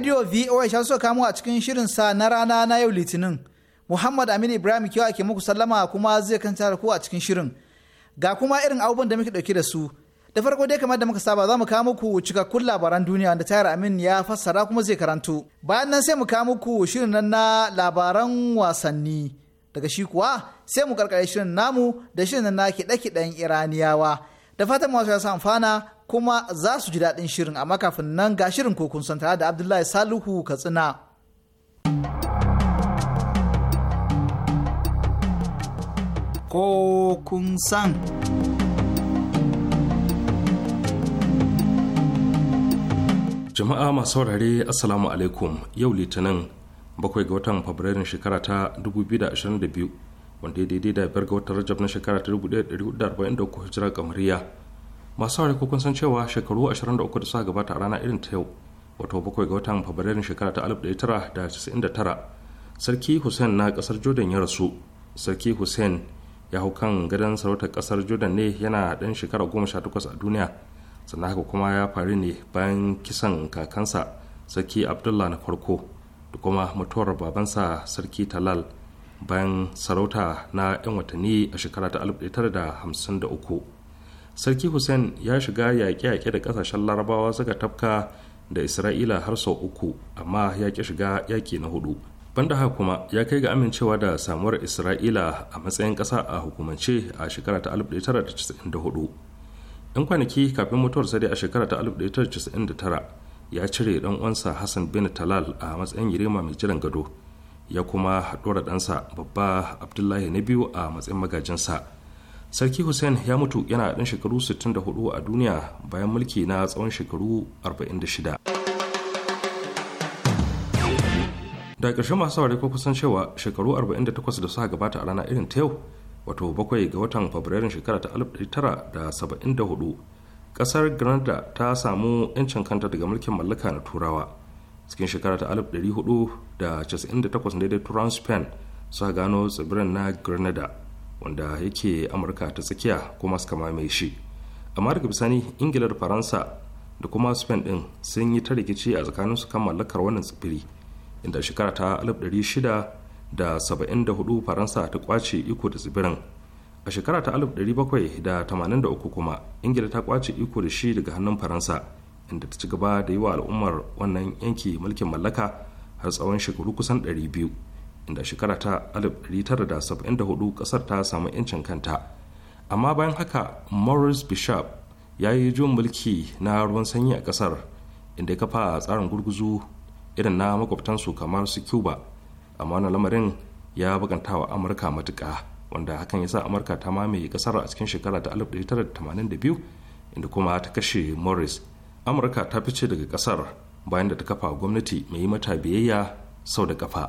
Radio VOA shan so kamo a cikin shirin sa na rana na yau Litinin. Muhammad Aminu Ibrahim kiwa ake muku sallama kuma zai kanta da ku a cikin shirin. Ga kuma irin abubuwan da muke dauke da su. Da farko dai kamar da muka saba za mu kawo muku cikakkun labaran duniya wanda tayar Amin ya fassara kuma zai karanto. Bayan nan sai mu kawo muku shirin nan na labaran wasanni. Daga shi kuwa sai mu karkare shirin namu da shirin na kiɗe-kiɗen Iraniyawa. Da fatan masu ya amfana kuma za su ji daɗin shirin amma kafin nan ga shirin kokun san tare da abdullahi salihu katsina kokun san jama'a masu saurare assalamu alaikum yau litinin bakwai ga watan fabrairun shekara ta 2022 wanda ya daidai da biyar ga watan rajab na shekara ta 1443 hijira kamariya masu saurari ko kun san cewa shekaru 23 da suka gabata a rana irin ta yau wato bakwai ga watan fabrairun shekara ta 1999 sarki hussein na kasar jordan ya rasu sarki hussein ya hau kan gadon sarautar kasar jordan ne yana dan shekara 18 a duniya sannan haka kuma ya faru ne bayan kisan kakansa sarki abdullah na farko da kuma mutuwar babansa sarki talal bayan sarauta na 'yan watanni a shekara ta 1953 sarki hussein ya shiga yaƙe-yaƙe da ƙasashen larabawa suka tafka da isra'ila har sau uku amma ya ƙi shiga yaƙi na hudu banda haka kuma ya kai ga amincewa da samuwar isra'ila a matsayin ƙasa a hukumance a shekara ta 1994 'yan kwanaki kafin mutuwarsa dai a shekara ta 1999 ya cire ɗan uwansa hassan bin talal a matsayin girma mai jiran gado ya kuma haɗura ɗansa babba abdullahi na biyu a matsayin magajinsa sarki hussein ya mutu yana ɗan shekaru 64 a duniya bayan mulki na tsawon shekaru 46 da ƙarshen masu saurari ko kusan cewa shekaru 48 da suka gabata a rana irin ta yau wato bakwai ga watan fabrairun shekara ta 1974 ƙasar granada ta samu 'yancin kanta daga mulkin mallaka na turawa cikin shekara ta 1498 daidai turan spain suka gano tsibirin na granada wanda yake amurka ta tsakiya kuma suka mamaye shi amma daga bisani ingila da faransa da kuma spain din sun yi ta rikici a tsakaninsu kan mallakar wannan tsibiri inda shekara ta 1674 faransa ta kwace iko da tsibirin a shekara ta 1783 kuma ingila ta kwace iko da shi daga hannun faransa inda ta ci gaba da yi wa al'ummar wannan yanki mulkin mallaka har tsawon shekaru kusan 200 inda shekara ta 1974 kasar ta samu 'yancin kanta amma bayan haka morris bishop ya yi jin mulki na ruwan sanyi a kasar inda ya kafa tsarin gurguzu irin na makwabtansu kamar su cuba amma wani lamarin ya bukanta wa amurka matuka wanda hakan ya sa amurka ta mamaye kasar a cikin shekara ta 1982 inda kuma ta kashe morris amurka ta fice daga kasar bayan da ta kafa gwamnati mai mata biyayya sau da kafa.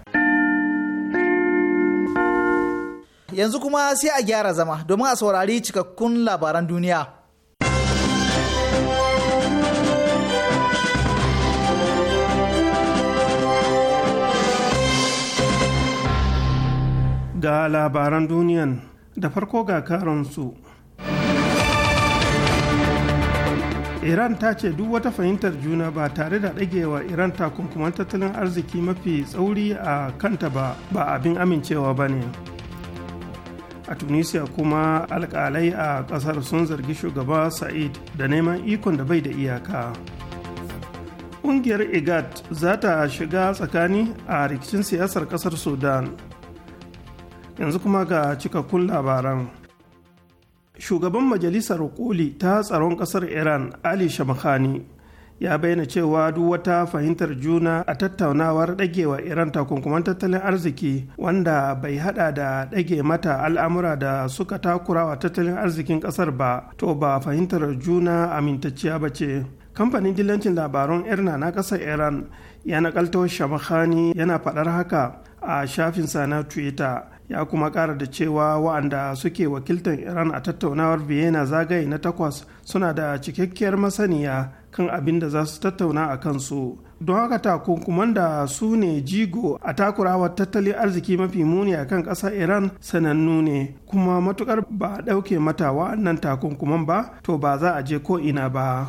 yanzu kuma sai a gyara zama domin a saurari cikakkun labaran duniya. Ga labaran duniyan da farko ga karansu. Iran ta ce duk wata fahimtar juna ba tare da ɗagewa Iran takunkuman tattalin arziki mafi tsauri a kanta ba ba abin amincewa ba ne. a tunisia kuma alkalai a kasar sun zargi shugaba sa'id da neman ikon da bai da iyaka ƙungiyar igat za ta shiga tsakani a rikicin siyasar kasar sudan yanzu kuma ga cikakkun labaran shugaban majalisar koli ta tsaron kasar iran ali Shamkhani. ya bayyana cewa duk wata fahimtar juna a tattaunawar ɗagewa iran takunkuman tattalin arziki wanda bai hada da ɗage mata al'amura da suka takura wa tattalin arzikin ƙasar ba to ba fahimtar juna amintacciya ba ce kamfanin dillancin labarun irna na ƙasar iran ya nakalto shamahani yana faɗar haka a shafinsa na twitter ya kuma kara da cewa wa'anda suke wakiltar iran a tattaunawar vienna zagaye na takwas suna da cikakkiyar masaniya kan abin da za su tattauna a kansu don haka takunkuman da su ne jigo a takurawa tattalin arziki mafi muni a kan ƙasar iran sanannu ne kuma matukar ba a ɗauke mata wa'annan takunkuman ba to ba za a je ko ina ba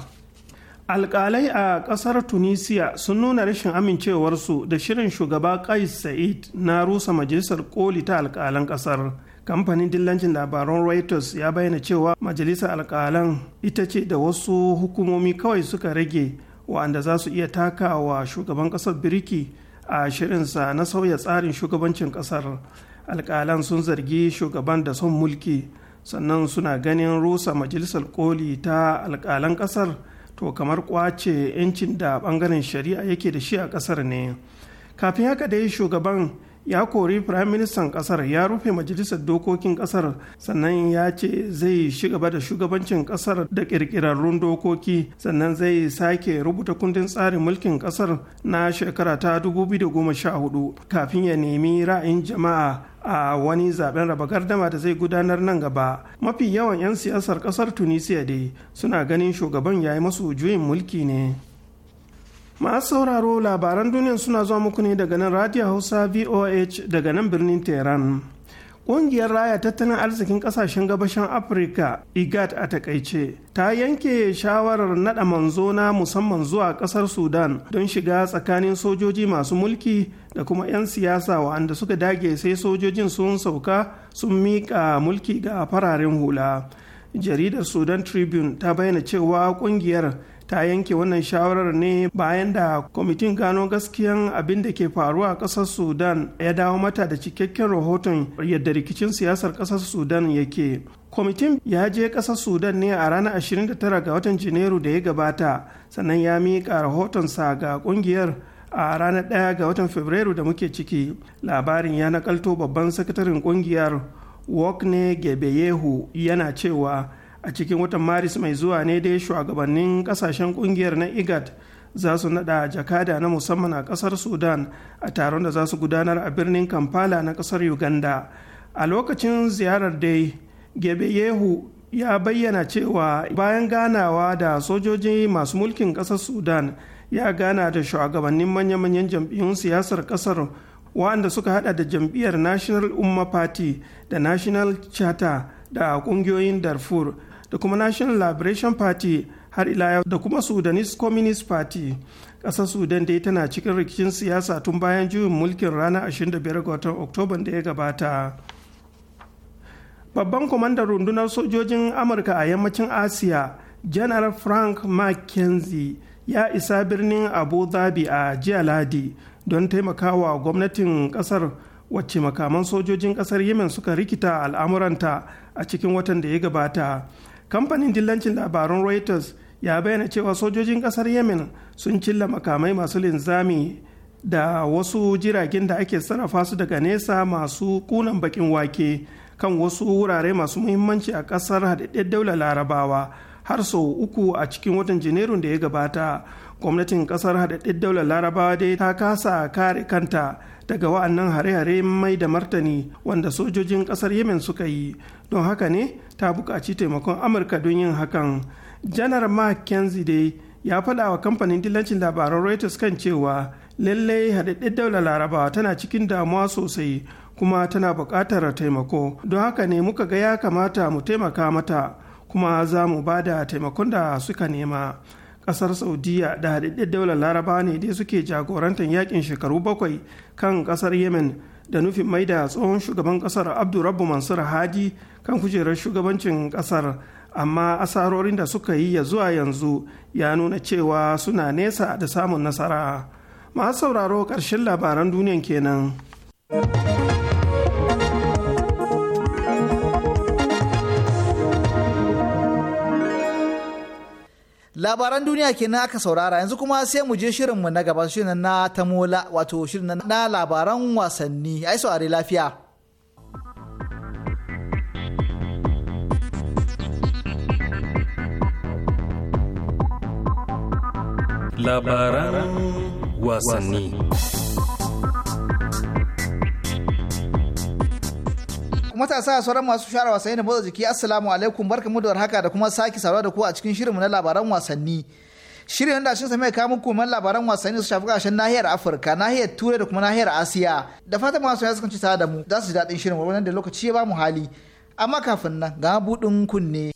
alƙalai a ƙasar tunisia sun nuna rashin amincewarsu da shirin shugaba kais sa'id na rusa majalisar koli ta alƙalan ƙasar kamfanin dillancin labaran reuters ya bayyana cewa majalisar alkalan ita ce da wasu hukumomi kawai suka rage wa'anda za su iya taka wa shugaban kasar biriki a shirinsa na sauya tsarin shugabancin kasar alkalan sun zargi shugaban da son mulki sannan suna ganin rusa majalisar koli ta alkalan kasar to kamar kwace 'yancin da bangaren shari'a yake da shi a kasar ne kafin haka dai shugaban ya kori firaministan kasar ya rufe majalisar dokokin kasar sannan ya ce zai shigaba da shugabancin kasar da kirkirarrun dokoki sannan zai sake rubuta kundin tsarin mulkin kasar na shekara ta 2014 kafin ya nemi ra'ayin jama'a a wani zaben raba gardama da zai gudanar nan gaba mafi yawan 'yan siyasar kasar tunisia dai suna ganin shugaban ya yi masu juyin mulki ne masu sauraro labaran duniya suna zuwa muku ne daga nan radio hausa voh daga nan birnin tehran Ƙungiyar raya tattalin arzikin ƙasashen gabashin Afirka IGAD a takaice ta yanke shawarar naɗa manzo na musamman zuwa ƙasar Sudan don shiga tsakanin sojoji masu mulki da kuma 'yan siyasa waɗanda suka dage sai sojojin sun sauka sun miƙa mulki ga fararen hula. Jaridar Sudan Tribune ta bayyana cewa ƙungiyar ta yanke wannan shawarar ne bayan da kwamitin gano gaskiyan abin da ke faruwa a ƙasar sudan ya dawo mata da cikakken rahoton yadda rikicin siyasar ƙasar sudan yake kwamitin ya je ƙasar sudan ne a ranar 29 ga watan janairu da ya gabata sannan ya miƙa rahotonsa ga ƙungiyar a ranar 1 ga watan fabrairu da muke ciki labarin ya nakalto babban sakataren ƙungiyar wokne gebeyehu yana cewa a cikin watan maris mai zuwa ne dai shugabannin kasashen kungiyar na igad za su nada jakada na musamman a kasar sudan a taron da za su gudanar a birnin kampala na kasar uganda a lokacin ziyarar dai yehu ya bayyana cewa bayan ganawa da sojoji masu mulkin kasar sudan ya gana da shugabannin manya-manyan jam'iyyun siyasar kasar waɗanda suka hada da jam'iyyar national umma party da national charter da ƙungiyoyin darfur da kuma national liberation party har ila yau da kuma sudanese communist party ƙasar sudan dai tana cikin rikicin siyasa tun bayan juyin mulkin ranar 25 ga watan da ya gabata babban kwamandan rundunar sojojin amurka a yammacin asiya general frank mckenzie ya isa birnin abu dhabi a jiya ladi don taimakawa gwamnatin kasar wacce makaman sojojin kasar yemen suka rikita al'amuranta a cikin watan da ya gabata kamfanin dillancin labarun reuters ya bayyana cewa sojojin kasar yemen sun cilla makamai masu linzami da wasu jiragen da ake sarrafa su daga nesa masu kunan bakin wake kan wasu wurare masu muhimmanci a kasar haɗaɗɗen daular larabawa har sau uku a cikin watan janairun da ya gabata gwamnatin kasar haɗaɗɗen daular larabawa dai ta kasa kare kanta daga wa'annan hare-hare mai da martani wanda sojojin kasar yemen suka yi don haka ne ta buƙaci taimakon amurka don yin hakan janar mackenzie dai ya faɗa wa kamfanin dillancin labaran reuters kan cewa lallai haɗaɗɗen daular larabawa tana cikin damuwa sosai kuma tana buƙatar taimako don haka ne muka ga ya kamata mu taimaka mata kuma za mu ba da taimakon da suka nema kasar saudiya da haɗaɗɗen daular laraba ne dai suke jagorantar yakin shekaru bakwai kan kasar yemen da nufin maida tsohon shugaban kasar abdurrabbu mansur hadi kan kujerar shugabancin kasar amma asarorin da suka yi ya zuwa yanzu ya nuna cewa suna nesa da samun nasara masu sauraro ƙarshen labaran duniyan kenan. labaran duniya kenan aka saurara yanzu kuma sai mu je shirinmu na gaba shirin na tamola wato shirin na labaran wasanni ai saurari lafiya labaran wasanni matasa sauran masu shara wasanni da motsa jiki assalamu alaikum barkamu da warhaka da kuma sake saduwa da ku a cikin shirinmu na labaran wasanni shirin da shi same kawo muku man labaran wasanni su shafi kashin nahiyar afirka nahiyar turai da kuma nahiyar asiya da fatan masu ya sukanci tare da mu za su ji daɗin shirin wannan da lokaci ya ba mu hali amma kafin nan ga buɗin kunne.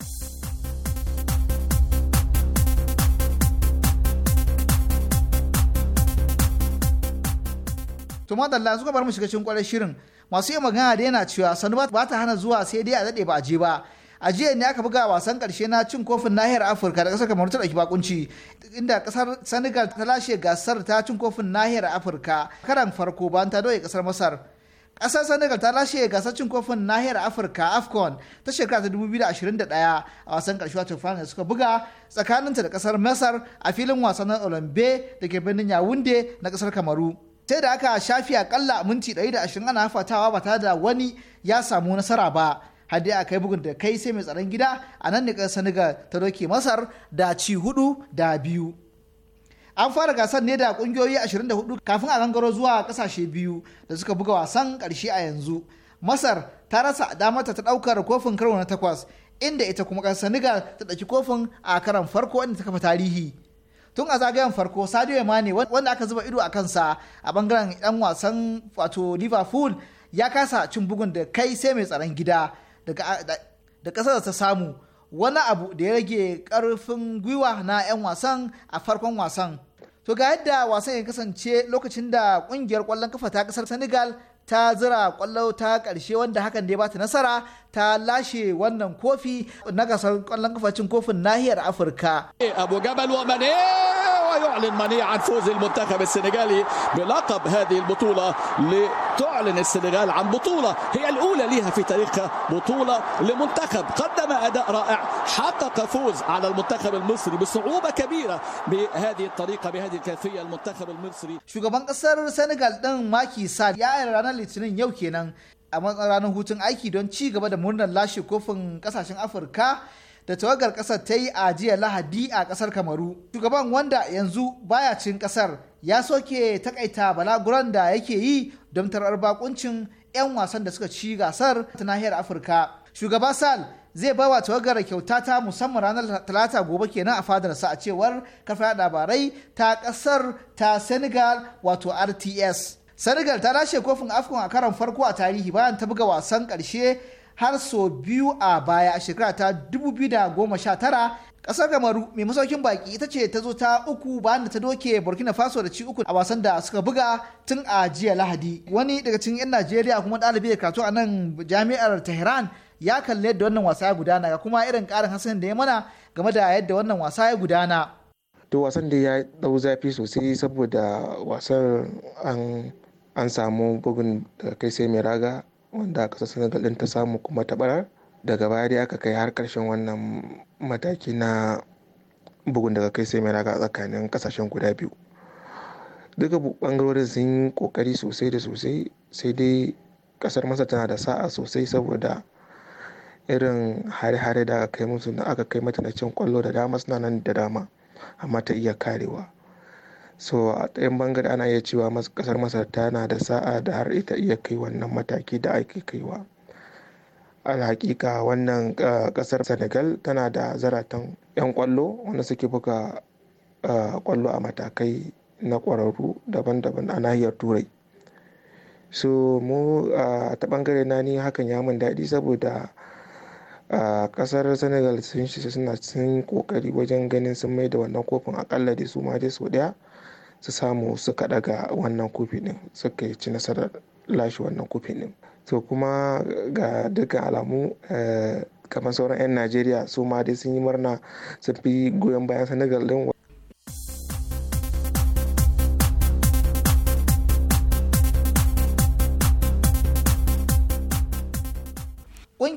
to madalla suka bar mu shiga cikin kwarar shirin masu iya magana da yana cewa sanu ba ta hana zuwa sai dai a dade ba a je ba a jiya ne aka buga wasan karshe na cin kofin nahiyar afirka da kasar kamar ta ɗauki bakunci inda kasar senegal ta lashe gasar ta cin kofin nahiyar afirka karan farko bayan ta doye kasar masar Ƙasar senegal ta lashe gasar cin kofin nahiyar afirka afcon ta shekara ta 2021 a wasan karshe wato final suka buga tsakaninta da kasar masar a filin wasan olombe da ke birnin yawunde na kasar kamaru sai da aka shafi akalla minti 120 ana fatawa ba tare da wani ya samu nasara ba har dai aka bugun da kai sai mai tsaron gida a nan ne ƙasar senegal ta doke masar da ci hudu da biyu an fara gasar ne da kungiyoyi 24 kafin a gangaro zuwa kasashe biyu da suka buga wasan karshe a yanzu masar ta rasa damata ta daukar kofin karo na takwas inda ita kuma kasar senegal ta ɗauki kofin a karan farko inda ta kafa tarihi tun a zagayen farko ma ne wanda aka zuba ido a kansa a bangaren dan wasan wato liverpool ya kasa cin bugun da kai sai mai tsaron gida da kasar ta samu wani abu da ya rage karfin gwiwa na 'yan wasan a farkon wasan to ga yadda wasan ya kasance lokacin da kungiyar kwallon kafa ta kasar senegal ta zira kwallo ta karshe wanda hakan da ya bata nasara ta lashe wannan kofi na gasar kwallon kafacin kofin nahiyar afirka eh, abu abogabal wamane ويعلن منيع عن فوز المنتخب السنغالي بلقب هذه البطولة لتعلن السنغال عن بطولة هي الأولى لها في تاريخها بطولة لمنتخب قدم أداء رائع حقق فوز على المنتخب المصري بصعوبة كبيرة بهذه الطريقة بهذه الكافية المنتخب المصري shugaban kasar Senegal din Macky Sall ya ayyana ranar Litinin يوكي نن a ranar hutun aiki don ci gaba da murnar lashe kofin kasashen Afirka da tawagar kasar ta yi a jiya lahadi a kasar kamaru shugaban wanda yanzu baya cin kasar ya soke takaita balaguran da yake yi don tarar bakuncin 'yan wasan da suka ci gasar ta nahiyar afirka shugaba sal zai ba wa tawagar kyauta ta musamman ranar talata gobe kenan a fadarsa a cewar kafin labarai ta kasar ta senegal wato rts senegal ta lashe kofin afcon a karon farko a tarihi bayan ta buga wasan karshe har so biyu a baya a shekara ta 2019 kasar gamaru mai masaukin baki ita ce ta zo ta uku bayan da ta doke burkina faso da ci uku a wasan da suka buga tun a jiya lahadi wani daga cikin 'yan najeriya kuma dalibi da karatu a nan jami'ar tehran ya kalli yadda wannan wasa ya gudana ga kuma irin karin hasan da ya mana game da yadda wannan wasa ya gudana to wasan da ya dau zafi sosai saboda wasan an samu bugun da kai sai mai raga wanda ƙasar senegal ɗin ta samu kuma ta barar daga baya dai aka kai har ƙarshen wannan mataki na bugun daga kai sai mai raga tsakanin ƙasashen guda biyu duka bangarorin sun yi kokari sosai da sosai sai dai kasar masa tana da sa'a sosai saboda irin hare-hare da aka kai musu da aka kai mata na cin kwallo da dama suna nan da dama amma ta iya karewa so a ɗayan bangare ana iya cewa kasar masar tana da sa'a da har ita iya kai wannan mataki da ake kaiwa hakika wannan kasar senegal tana da zaratan 'yan kwallo wanda suke buga kwallo a matakai na kwararru daban-daban a nahiyar turai so mu a ta bangare na ni hakan ya mun daɗi saboda a kasar senegal sun shi suna sun kokari wajen ganin sun mai da wannan kofin akalla da su ma dai sau daya su samu suka daga wannan kofi din suka ci nasarar lashe wannan kofi din to kuma ga dukkan alamu eh, kamar sauran 'yan najeriya su ma dai sun yi murna sun fi goyon bayan senegal din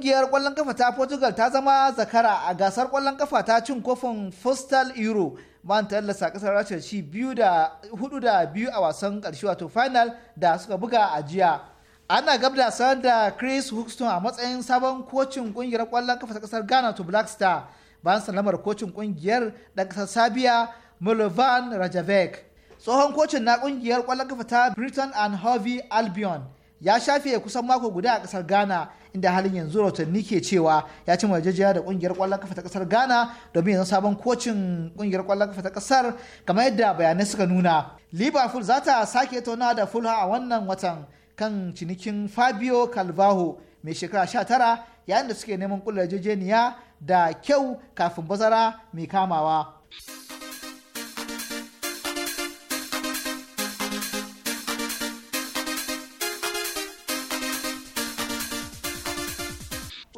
Ƙungiyar ƙwallon kafa ta Portugal ta zama zakara a gasar ƙwallon kafa ta cin kofin fostal Euro bayan ta lallasa ƙasar Rasha ci biyu da hudu da biyu a wasan ƙarshe wato final da suka buga a jiya. Ana gab da da Chris Houston a matsayin sabon kocin ƙungiyar ƙwallon kafa ta ƙasar Ghana to Black Star bayan salamar kocin kungiyar da ƙasar Sabia Milovan Rajavec. Tsohon kocin na ƙungiyar ƙwallon kafa ta Britain and Harvey Albion. ya shafe kusan mako guda a kasar ghana inda halin yanzu rautanni ke cewa ya ci majajiya da kungiyar kwallon kafa ta kasar ghana domin yanzu sabon kocin kungiyar kwallon kafa ta kasar kamar yadda bayanai suka nuna liverpool za ta sake tauna da fulha a wannan watan kan cinikin fabio calvaho mai shekara 19 yayin da suke neman kula yarjejeniya da kyau kafin bazara mai kamawa.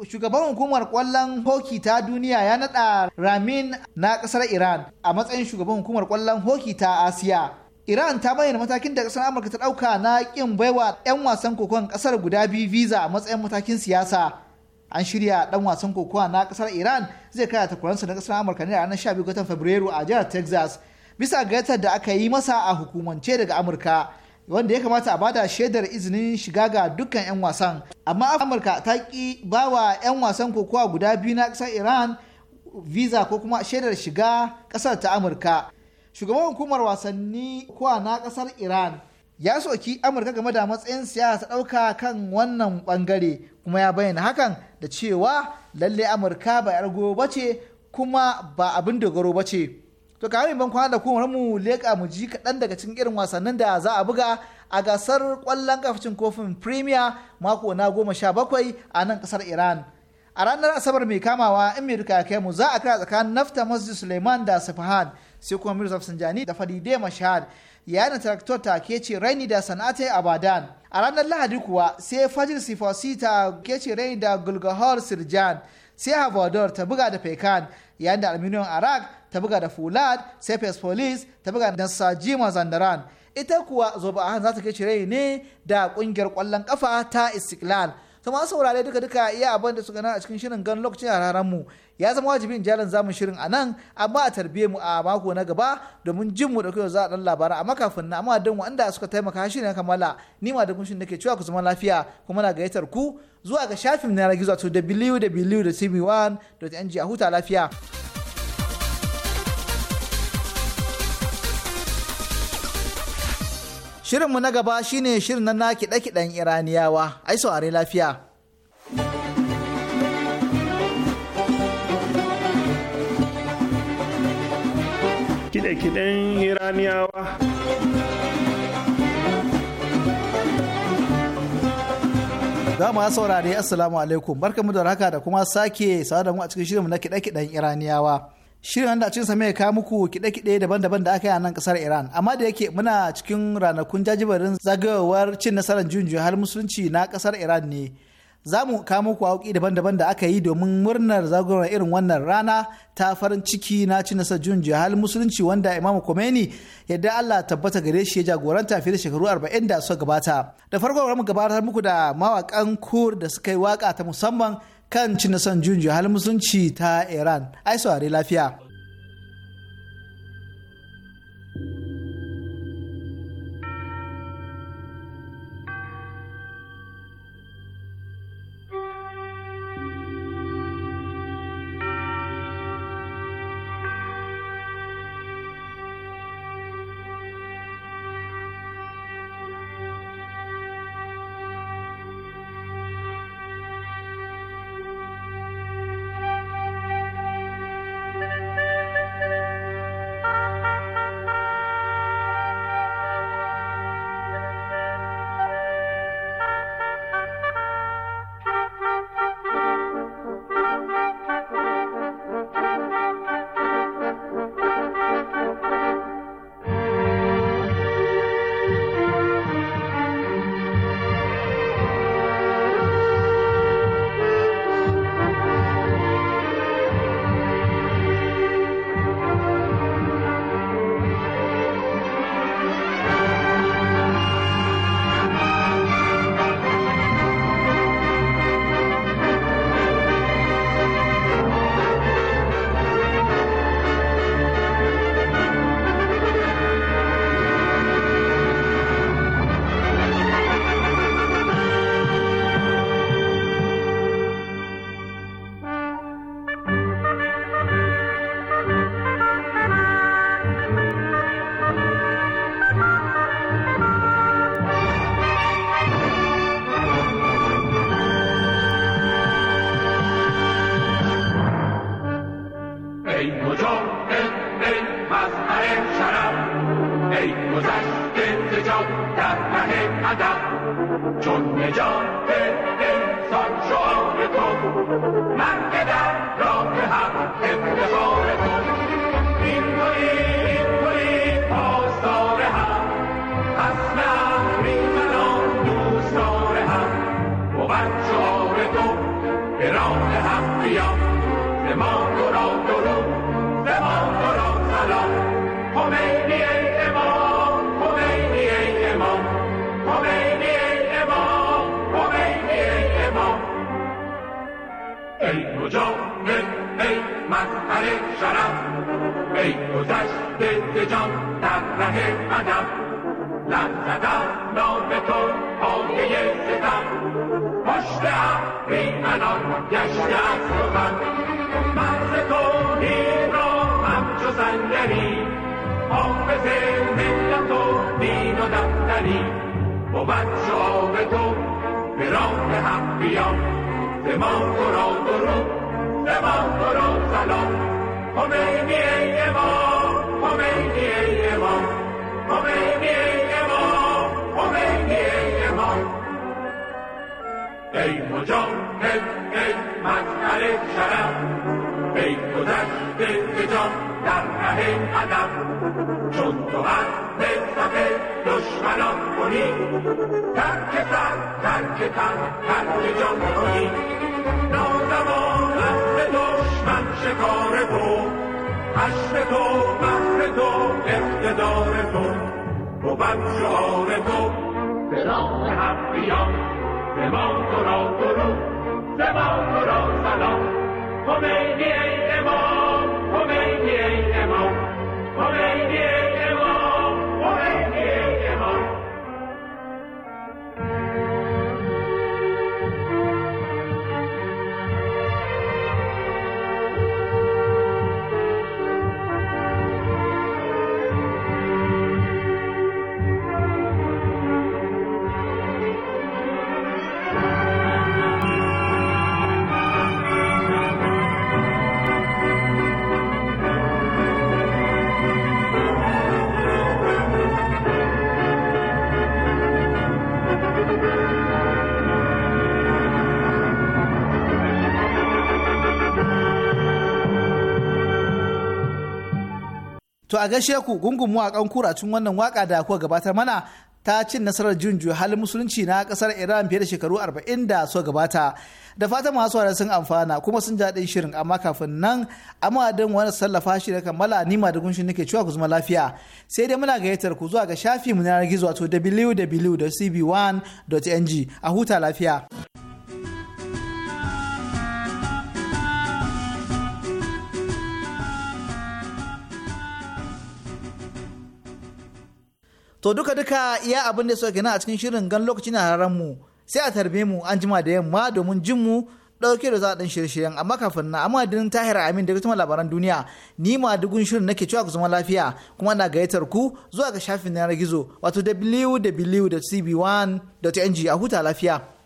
shugaban hukumar kwallon hoki ta duniya ya nada ramin na kasar iran a matsayin shugaban hukumar kwallon hoki ta asiya iran ta bayyana matakin da kasar amurka ta dauka na kin baiwa 'yan wasan kokon kasar guda biyu visa a matsayin matakin siyasa an shirya dan wasan kokowa na kasar iran zai kaya takwaransa na kasar amurka ne a ranar 12 watan fabrairu a jihar texas bisa gayyatar da aka yi masa a hukumance daga amurka wanda ya kamata a bada shaidar izinin shiga ga dukkan 'yan wasan amma amurka ta ki ba wa 'yan wasan kokowa guda biyu na ƙasar iran visa ko kuma shaidar shiga kasar ta amurka shugaban hukumar wasanni kowa na kasar iran ya soki amurka game da matsayin siyasa ɗauka kan wannan ɓangare kuma ya bayyana hakan da cewa lalle amurka ba 'yar gobe ce kuma ba abin dogaro ba ce to kamin ban kwana da kuma mu leka mu ji kaɗan daga cikin irin wasannin da za a buga a gasar ƙwallon kafacin kofin premier mako na goma sha bakwai a nan ƙasar iran a ranar asabar mai kamawa in mai duka kai mu za a kira tsakanin nafta masjid suleiman da sufahan sai kuma mirza sanjani da faride mashahad yayin da taraktor ta ce raini da a abadan a ranar lahadi kuwa sai fajir sifosi ta ce raini da gulgahar sirjan sai havador ta buga da fekan yayin da aluminium arak ta buga da fulad sai police ta buga da sajima zandaran ita kuwa zoba za ta kai ne da kungiyar kwallon kafa ta istiklal kuma saurare duka duka iya abin da suka na a cikin shirin gan lokacin a mu ya zama wajibin jalan zamun shirin a nan amma a tarbiye mu a mako na gaba domin jin mu da kai za a dan labarai amma kafin na amma don wanda suka taimaka shirin ya kamala ni ma da kunshin nake cewa ku zama lafiya kuma na gayyatar ku zuwa ga shafin na gizo to wwwcb 1ng a huta lafiya. Shirinmu na gaba shine shirin na kiɗe-kiɗen Iraniyawa, ai saurari lafiya. Kiɗe-kiɗen Iraniyawa. Za mu saurare Assalamu alaikum, barkamu da raka da kuma sake sa da mu a cikin shirinmu na kiɗe-kiɗen Iraniyawa. shirin wanda cin sa mai kawo muku kide-kide daban-daban da aka yi a nan kasar Iran amma da yake muna cikin ranakun jajibarin zagayowar cin nasarar junjun har musulunci na kasar Iran ne za mu kawo muku auki daban-daban da aka yi domin murnar zagayowar irin wannan rana ta farin ciki na cin nasarar junjun har musulunci wanda Imam Khomeini yadda Allah tabbata gare shi ya jagoranta fiye da shekaru arba'in da suka gabata da farko mu gabatar muku da mawakan kur da suka yi waka ta musamman kan cin nasan junju hal musulunci ta iran ai saurari lafiya هدف چون نجات شرف ای گذشته جان در ره ادب لب زدم نام تو پایه ستم پشت اهری منان گشته از سخن مرز توحید را همچو سنگری حافظ ملت و دین و دفتری بود شعاب تو به راه حق بیان زمان تو را درود زمان تو را سلام خمینی ای ای در ره چون تو دشمنان ترک سر ترک تن ترک جان کنی نازمان دشمن شکار تو حشر تو بحر تو اقتدار تو بود شعار تو به راه حق به ما تو را درو ما تو را سلام خمینی ای a gaishe ku gungun mawakan kuracin wannan waka da kuka gabatar mana ta cin nasarar jin halin musulunci na kasar Iran fiye da shekaru arba'in da so gabata. Da fata masu wani sun amfana kuma sun ji daɗin shirin amma kafin nan amma don wani sallafa shi da kammala nima da gunshin nake cewa ku zama lafiya. Sai dai muna gayyatar ku zuwa ga shafi mu na gizo wato www.cb1.ng a huta lafiya. to duka duka iya abin da suka kenan a cikin shirin gan lokaci na ranar mu sai a tarbe mu an jima da yamma domin jin mu dauke da za zaɗin shirye-shiryen amma kafin na amma din tahir amin da kuma labaran duniya ni ma dugun shirin nake cewa ku zama lafiya kuma na gayyatar ku zuwa ga shafin na gizo wato www.cb1.ng a huta lafiya.